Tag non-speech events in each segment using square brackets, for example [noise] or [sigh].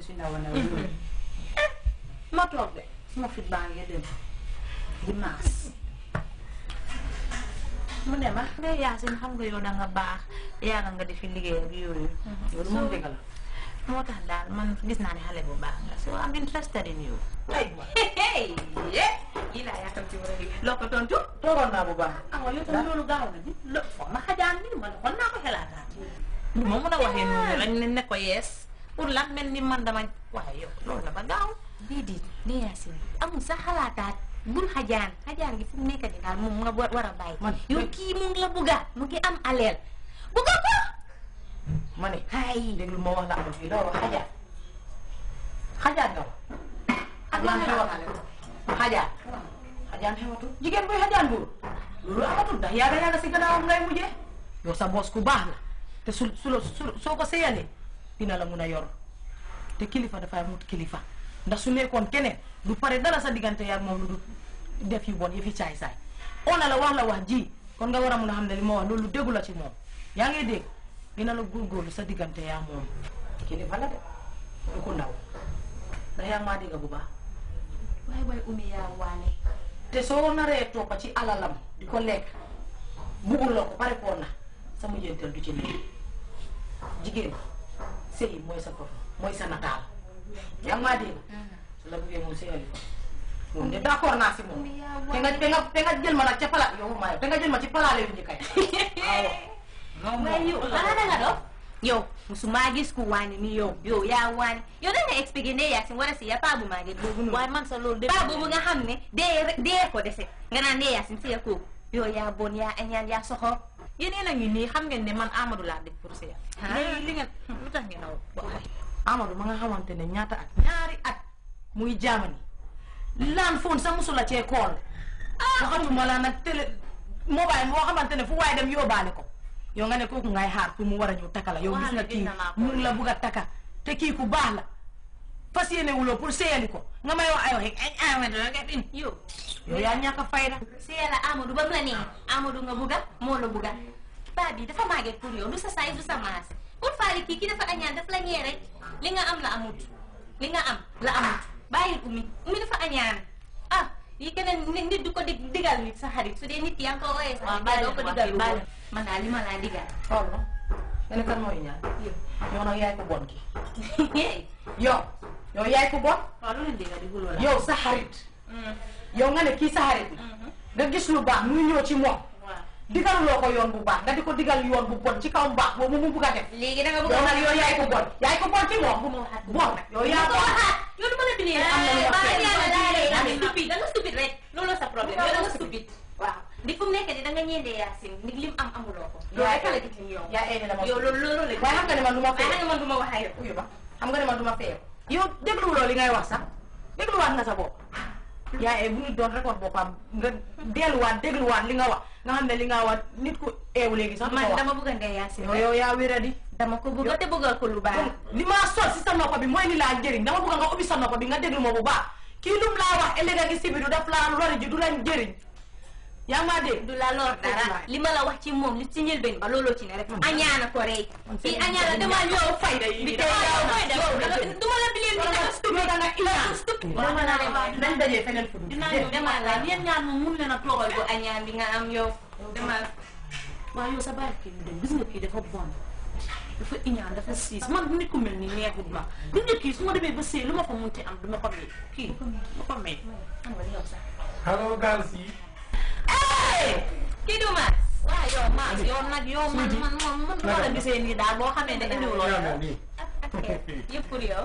jigéen su mhm. eh, ma toog de suma fit baa ngi dem di mu ne ma ngay yaasin xam nga yow danga baax yaaga nga di liggéey ak yooyu mhm. moom dëgg la moo tax daal man gis naa ni xale bu baax nga so am interested in you loo ko tontu toogoon naa bu baax ah, awa yow tam ma xajaan ni naa ko xelaataan mm. lu ma a waxee noonu lañ ne ko yees pour la mel ni man dama waaye yow ba gaw gaaw déedéet nee Yacine amul sax xalaataat bul hajan xajaan gi fu mu nekk ni daal moom nga wara bay yow ki mu ngi la buga mu ngi am alel, buga ko mané hay ay lu mo wax la am fi do wax hajan xajaan nga wax ak lan nga wax xajaan xajaan xewatul jigéen buy xajaan buur loolu amatul ndax yaaga yaaga si gannaawam ngay mujjee yow sa boos ku baax la te su su soo ko dina la mun a yor te kilifa dafay mut kilifa ndax su nekkoon keneen du pare dara sa diggante yaag moom lu du def yu bon yëfi caay saay ona la wax la wax ji kon nga war a mun a xam ne ni ma wax loolu déggu la ci moom yaa ngi dégg dina la góorgóorlu sa diggante yaa moom kilifa la de du ko ndaw ndax yaa maa dégg bu baax waaye waaye umi yaa waane te soo naree toppa ci alalam di ko lekk buggul la ko pare koon na sa mujjantal du ci nekk jigéen sëy mooy sa photo mooy sa nataal yaa ngi maa dégg mm-hmm. su la bëggee moom sëyal ko moom de d'accord naa si moom te nga ma nag ca pala yow maa te nga jël ma ci palaale yu njëkk yi [laughs] waaw waaye yow xanaa yow musuma gis ku waani ni yow yow yaa waani yow dañ na ne yaa si a si yaa paa bu maa boobu noonu waaye man sa lool de paa boobu nga xam ne dee dee ko dese nga naan ne yaa si sëya kooku yow yaa bon yaa añaan yaa soxor yéen a ngi nii xam ngeen ne man Amadou laa dégg pour seet. léegi li ngeen lu tax ngeen aw Amadou ma nga xamante ne ñaata at ñaari at muy jaamani laan foon sa musula cee kool. waxatuma la nag télé mobile boo xamante ne fu waaye dem yóbbaale ko yow nga ne kooku ngay xaar pour mu war a ñëw takka la yow gis nga kii mu la bugg a takka te kii ku baax la fas yéene wuloo pour seeyali ko nga may wax aywa rek Amadou la def in yow. yow yaa ñàkk a fayda. seeyala Amadou ba mu la baat bi dafa màgget pour yow du sa size du sa masse pour faale kii kii dafa añaan daf la ñee rek li nga am la amut li nga am la amut bàyyil umi umi dafa añaan ah yi keneen nit du ko dig digal nit sa xarit su de nit yaa ngi ko ooyee sax nit doo ko digal lu man naa li ma laa digal xool ma nga ne kan mooy ñaan yow nag yaay ko bon ki [laughs] yow yow yaay ko bon yow sa xarit mm. yow nga ne kii sa xarit mm-hmm. nga gis lu baax muy ñëw ci moom digaluloo ko yoon bu baax da diko digal yoon bu bon ci kaw mbaax boobu mu bu a def. legi da nga bu a wax yaay ko bon yaay ko bon ci mo bu mo hat bon yo ya ko hat yo do mala bini eh, am na lu ma fee da nga stupide da nga stupide rek loolu sa problème yow da nga stupide. waaw ni fu mu nekk nii da nga ñeende yaasin ni lim am amuloo ko. yo ya, ay ya, kala ci yo ya indi la mo yo loolu loolu la. waaye nga ne man duma fay nga man duma ma yo ak ba xam nga ne man duma fay yo deglu dégluwuloo li ngay wax sax deglu wat nga sa bopp ya ee bu ñu doon rek wax boppam nga deglu wat li nga wax nga xam ne li nga wax nit ku eew léegi sax. man dama bëgg a ndey Yacine. yow yow yaa dama ko bëgg te bëggal ko lu baax. li ma sol si sa nopp bi mooy li laa njëriñ dama bëgg nga ubbi sa bi nga déglu ma bu baax kii lum laa wax ëllëg ak si biir daf laa lori ji du la njëriñ. yaa maa dégg du la lor dara li ma la wax ci moom li ci njëlbeen ba looloo ci ne rek. Hmm. añaana ko rey. Hmm. fii añaana hmm. dama ñëw fayda yi. bi tey yow urgence. waaw dama ne nañ dajee feneen fu dul. dinaa ñëw demal la yéen ñaar moom mun leen a toogal bu añaan bi nga am yow. demal waaw yow sa bàyyi kii bi dem gis nga kii dafa bon. dafa iñaan dafa siis man nit ku mel ni neexut ma gis nga kii su ma demee ba sëy lu ma ko munti am du ma ko may kii ma ko may. allo Gals yi. kii du ma. waaw yow ma yow nag yow man man man man du ma la gisee nii daal boo xamee ne indiwuloo. yëpp pour yow.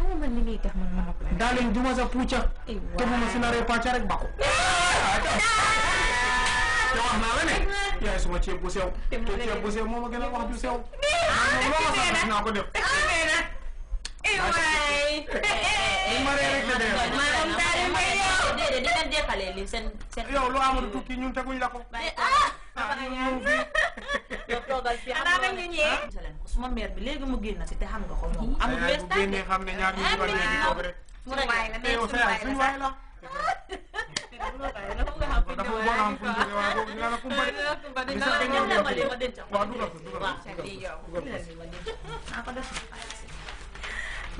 xam nga man li ngay tax man ma nopp la. daal di ma sa puuca. te bu ma si naree pàcca rek bàqu. te wax naa la ne. yaay suma ceeb bu sew. te ceeb bu sew moo ma gën a wax ju sew. loo ma sax naa ko def. yow lu amul tukki ñun teguñ la ko. suma mère bi léegi mu génn si te xam nga ko moom. amul wees tànk amul xam ne ñaar ñu si wàllu léegi foofu rek. suñu waay la nee suñu waay la suñu waay la. dafa mën a am fu ñu jógee waaye boobu dina la kumpa de. dina la kumpa de ma denc ko. waaw dugal ko dugal ko waaw c' est bien yow. maa ko def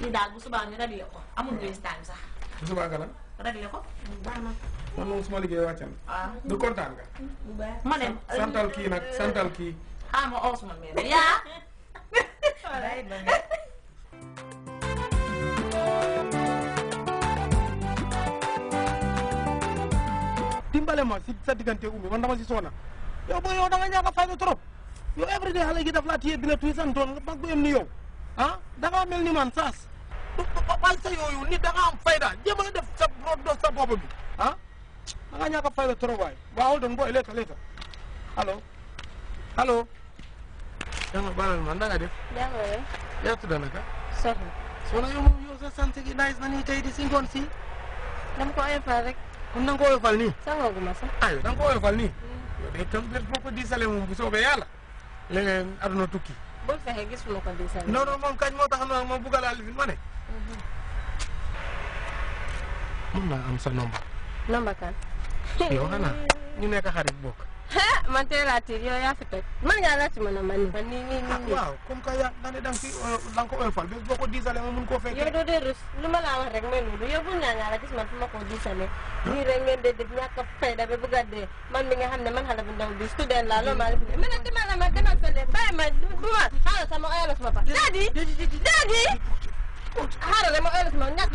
ñu daal bu subaa ñu réglé ko amul wees tànk sax. bu subaa nga la. réglé ko baax na. man moom suma liggéey wàccan. waaw du kontaan nga. ma dem santal kii nag santal kii. xaaral ah, ma oo suma mère yaa. Boleh banget. dimbale ma si sa umi man dama si soona yow boo yow da nga ñaaka fayda trop yow everyday xale gi daf laa tiye dina tuy san doon mag bu ni yow ah da ngaa mel ni man saas bal sa yo nit da nga am fayda jéem a def sa do sa bopp bi ah da nga ñaaka fayda trop waay waawul doon booy leeta leeta allo allo dama baral man danga def. danga def. yaa tudd naka. soxna. moom yow sa sant gi nice na nii tey di si ngoon si. dama ko oyofal rek. kon danga ko oyofal nii. sangooguma sax. aywa danga ko oyofal nii. Mm. yow de itam bés boo ko diisalee moom bu soobee yàlla. leneen aduna tukki. moom kañ moo tax ma bugg a laal ma ne. mën mm-hmm. naa am sa nomba. nomba kan. yow xanaa ñu nekk xarit bokk. man tey laa tiir yow yaa fi toj man ngaa laa ci a man nii ah, nii nii ah, waaw comme que ma euh, mun koo fekk yow rus lu ma laa wax rek mooy loolu yow bu la gis man fu ma koo diisalee nii rek ngeen dee def ñàkk a fayda ba bëgg a dee man mi nga xam ne man xale bu ndaw bi student laa loolu maa ngi a demal ma demal fële bàyyi ma bu ma xaaral sama oyal sama daadi daadi xaaral ma oyal ma laa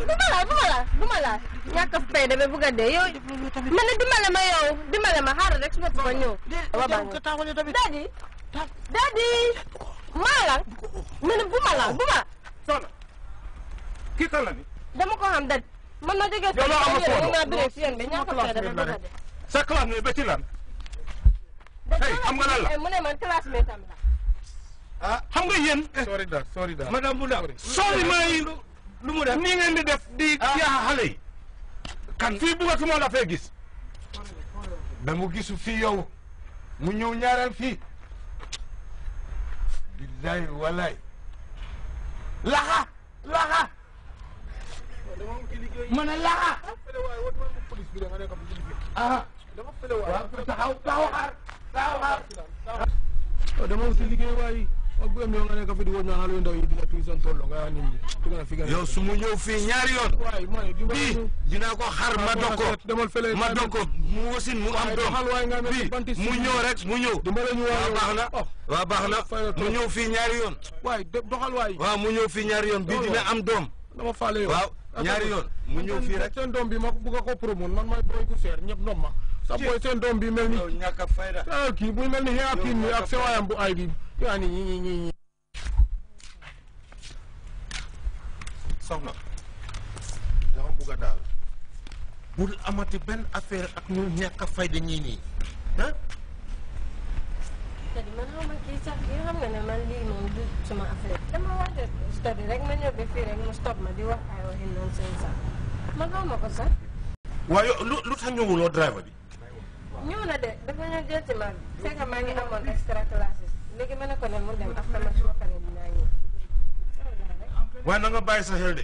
bu laa bu laa ñàkk fayda bi bëgg a dee yow man dimbale ma yow dimbale ma xaaral rek suma ma ñëw. waaw baax na dadi dadi bu ma bu ma. soxna kii kan ni. dama ko xam dadi man ma jógee. yow loo amul foofu yow naa bëree si yéen bi ñàkk sa ci lan. hey nga lan la man classe tam la. ah xam nga sorry daal sorry daal madame Bunda. sorry maa yi lu mu def ni ngeen di def di ah. kan fii bëggatuma la fee gis dama gisu fii yow mu ñëw ñaareel fii billahi wallahi laxa laxa ma ne laxa ah waaw taxaw taxaw xaar taxaw xaar yow su mu ñëw fii yoon bii dinaa ko xar ma dog ma dog mu wasin mu am doom bii mu ñëw rek mu ñëw waa baax na waa baax na mu ñëw fii ñaari yoon waaw mu ñëw fii ñaari yoon bii dina am doom waaw ñaari yoon mu ñëw fii rek seen doom bi ma bëgg ko promoon man may boy ku seer ñëpp noom ma sa ah, boy seen doom bi mel ni kii bu mel ni ak kii bu ay bi yóò wá ní yín yín yín yín. soxna dama bugg a bul amati benn affaire ak ñu ñàkk a fayda ñii nii ah. c'est-à-dire man xaw ma kii sax kii xam nga ne man lii moom du sama affaire dama war a rek ma ñëw ba fii rek mu stop ma di wax ay waxi noonu seen sax man xaw ma ko sax. waaye lu lu tax ñëwuloo driver bi. ñëw na de dafa ñëw jël ci man fekk maa ngi amoon extra classe léegi ma ne waaye na nga bàyyi sa de.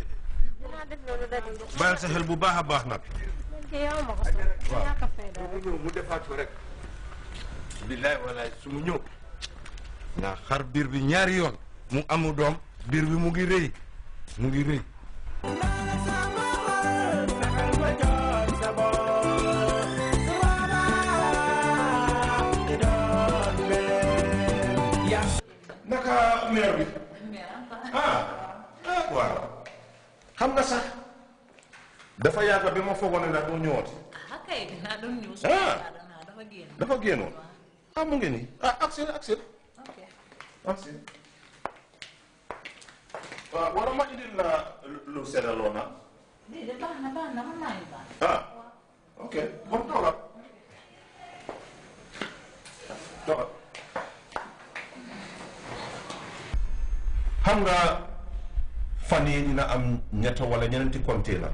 dinaa def bu baax a baax nag. yow ma ko soxla. waaw xar biir bi ñaari yoon. mu am doom biir bi mu ngi rëy mu ngi naka maire bi. Ah. ah waaw. xam nga sax dafa yàgg bi ma foogoon ne daa ah, doon ñëwaat. ah dafa génn dafa génnoon. ah mu ngi nii ah accès la accès la. ok accès. Ah, waaw war ma indil la lu seddaloo na. déedéet naa ah ok bon tool xam nga fan yi dina am ñett wala ñeneenti container